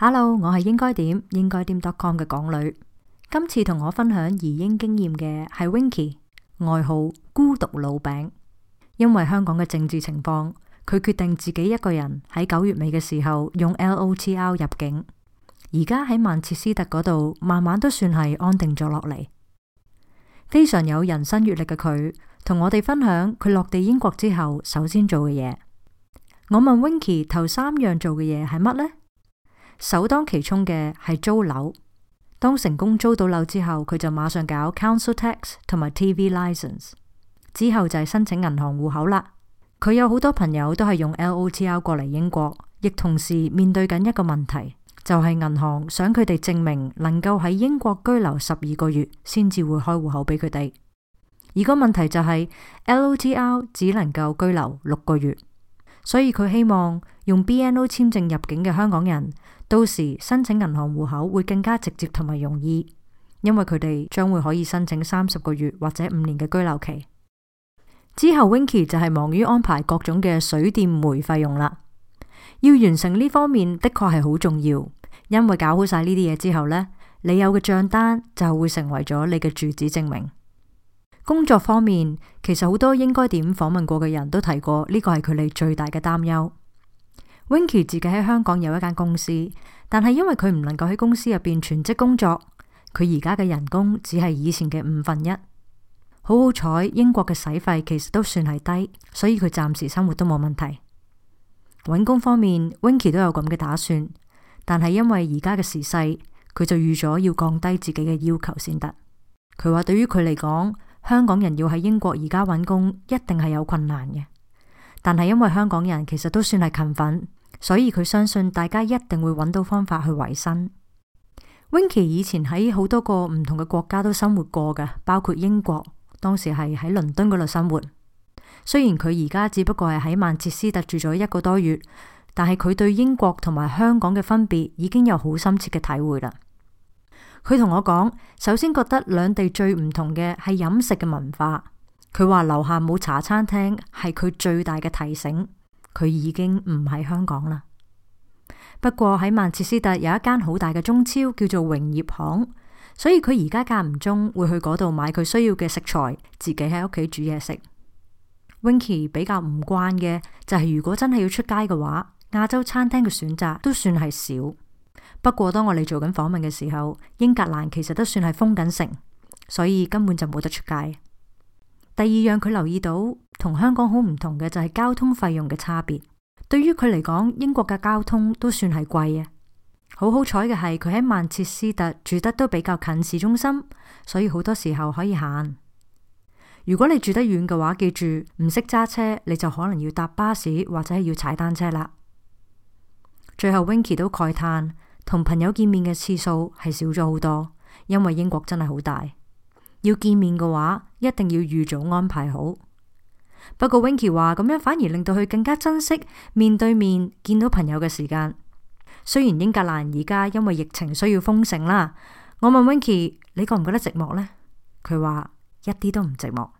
Hello，我係應該點應該點 .com 嘅港女。今次同我分享移英經驗嘅係 Winky，外號孤獨老餅。因為香港嘅政治情況，佢決定自己一個人喺九月尾嘅時候用 L O T L 入境。而家喺曼徹斯特嗰度，慢慢都算係安定咗落嚟。非常有人生閱歷嘅佢，同我哋分享佢落地英國之後首先做嘅嘢。我問 Winky 頭三樣做嘅嘢係乜呢？首當其衝嘅係租樓。當成功租到樓之後，佢就馬上搞 Council Tax 同埋 TV License。之後就係申請銀行戶口啦。佢有好多朋友都係用 LOTR 過嚟英國，亦同時面對緊一個問題，就係、是、銀行想佢哋證明能夠喺英國居留十二個月，先至會開戶口俾佢哋。而個問題就係、是、LOTR 只能夠居留六個月，所以佢希望用 B N O 簽證入境嘅香港人。到時申請銀行戶口會更加直接同埋容易，因為佢哋將會可以申請三十個月或者五年嘅居留期。之後 Winky 就係忙於安排各種嘅水電煤費用啦。要完成呢方面，的確係好重要，因為搞好晒呢啲嘢之後呢，你有嘅賬單就會成為咗你嘅住址證明。工作方面，其實好多應該點訪問過嘅人都提過，呢個係佢哋最大嘅擔憂。Winky 自己喺香港有一間公司，但係因為佢唔能夠喺公司入邊全職工作，佢而家嘅人工只係以前嘅五分一。好好彩，英國嘅使費其實都算係低，所以佢暫時生活都冇問題。揾工方面，Winky 都有咁嘅打算，但係因為而家嘅時勢，佢就預咗要降低自己嘅要求先得。佢話對於佢嚟講，香港人要喺英國而家揾工一定係有困難嘅，但係因為香港人其實都算係勤奮。所以佢相信大家一定會揾到方法去維生。Winky 以前喺好多個唔同嘅國家都生活過嘅，包括英國，當時係喺倫敦嗰度生活。雖然佢而家只不過係喺曼徹斯特住咗一個多月，但係佢對英國同埋香港嘅分別已經有好深切嘅體會啦。佢同我講，首先覺得兩地最唔同嘅係飲食嘅文化。佢話樓下冇茶餐廳係佢最大嘅提醒。佢已經唔喺香港啦。不過喺曼徹斯特有一間好大嘅中超叫做榮業行，所以佢而家間唔中會去嗰度買佢需要嘅食材，自己喺屋企煮嘢食。Winky 比較唔慣嘅就係、是、如果真係要出街嘅話，亞洲餐廳嘅選擇都算係少。不過當我哋做緊訪問嘅時候，英格蘭其實都算係封緊城，所以根本就冇得出街。第二樣佢留意到同香港好唔同嘅就係交通費用嘅差別。對於佢嚟講，英國嘅交通都算係貴嘅。好好彩嘅係佢喺曼徹斯特住得都比較近市中心，所以好多時候可以行。如果你住得遠嘅話，記住唔識揸車，你就可能要搭巴士或者要踩單車啦。最後，Winky 都慨嘆，同朋友見面嘅次數係少咗好多，因為英國真係好大。要見面嘅話，一定要預早安排好。不過 Winky 話咁樣反而令到佢更加珍惜面對面見到朋友嘅時間。雖然英格蘭而家因為疫情需要封城啦，我問 Winky 你覺唔覺得寂寞呢？佢話一啲都唔寂寞。